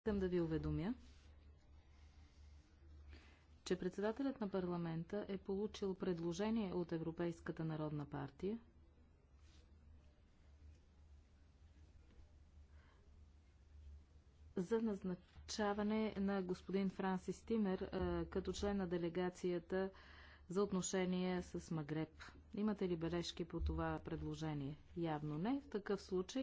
Искам да ви уведомя, че председателят на парламента е получил предложение от Европейската народна партия за назначаване на господин Франсис Тимер като член на делегацията за отношения с Магреб. Имате ли бележки по това предложение? Явно не. В такъв случай